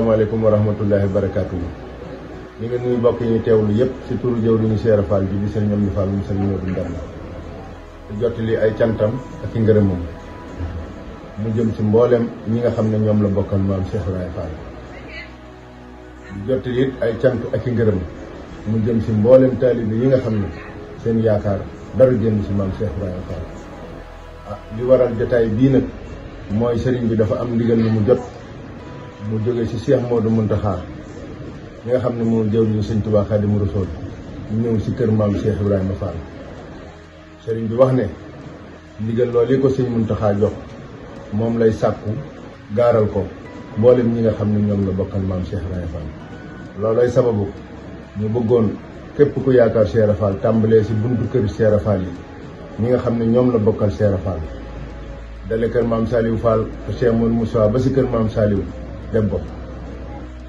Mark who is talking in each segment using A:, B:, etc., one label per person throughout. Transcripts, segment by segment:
A: asalaamaaleykum wa rahmatullahi wa barakaatu ñu ngi nuyu mbokk yi teewlu yëpp si turu jëw li ñu seera Fall bi di seen ñoom ñu Fall mu seen ñoo du ay cantam ak i ngërëmam mu ñi nga xam ne ñoom la bokkal maam Cheikh Ibrahima Fall jottali it ay cant ak i ngërëm mu jëm si mbooleem taalibe yi nga xam ne seen yaakaar dara jëm si maam Cheikh Ibrahima Fall ah li waral jotaay bii nag mooy sëriñ bi dafa am ndigal lu mu jot mu jógee ci Cheikh Modou Mountakha mi nga xam ne moo jëwriñu Sëñ Tuubaa Xaadimu Rasuul ñëw ci kër maam Cheikh Ibrahima Fall sëriñ bi wax ne ndigal loolu yi ko Sëñ Mountakha jox moom lay sàkku gaaral ko mboolem ñi nga xam ne ñoom la bokkal maam Cheikh Ibrahima Fall loolay sababu ñu bëggoon képp ku yaakaar Cheikh Ibra tàmbalee ci buntu kër Cheikh Ibra Fall yi ñi nga xam ne ñoom la bokkal Cheikh Ibra Fall dale kër maam Saliou Fall Cheikh Mouhamadou Moussa ba ci kër dem ko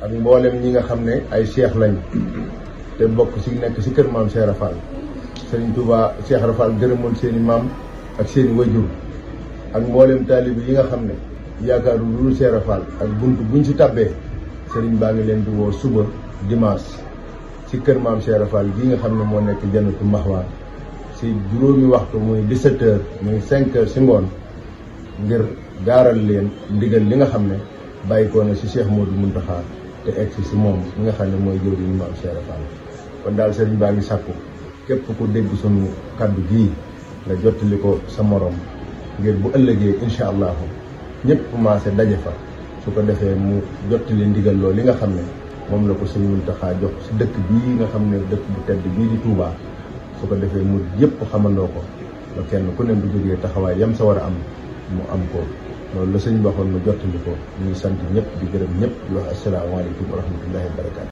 A: ak mboolem ñi nga xam ne ay seex lañ te bokk si nekk si kër maam Cheikh Rafal Serigne Touba Cheikh Rafal gërëmoon seeni maam ak seen i ak mboolem taalib yi nga xam ne yaakaaru lu dul Cheikh ak bunt buñ si tabbee Serigne baa ngi leen di woo suba dimanche ci kër maam Cheikh Rafal gii nga xam ne moo nekk jannatu maxwaan si juróomi waxtu muy 17 heures muy 5 heures si ngoon ngir gaaral leen ndigal li nga xam ne bàyyi koo na si Cheikh Modou Mountakha te egg si si moom mi nga xam ne mooy jëwriñu Maam Cheikh Fall kon daal sëriñ baa ngi sàkku képp ku dégg sunu kàddu gi nga jottali ko sa morom ngir bu ëllëgee incha allahu ñëpp commencé daje fa su ko defee mu jottali ndigal loolu li nga xam ne moom la ko sëriñ Mountakha jox si dëkk bii nga xam ne dëkk bu tedd bii di tuubaa su ko defee mu yëpp xamandoo ko ba kenn ku ne bu jógee taxawaay yam sa war a am mu am ko loolu la sëñ bi waxoon ma jottali ko ñu ngi sant ñëpp di gërëm ñëpp di wax asalaamaaleykum wa rahmatullahi wa barakaatu.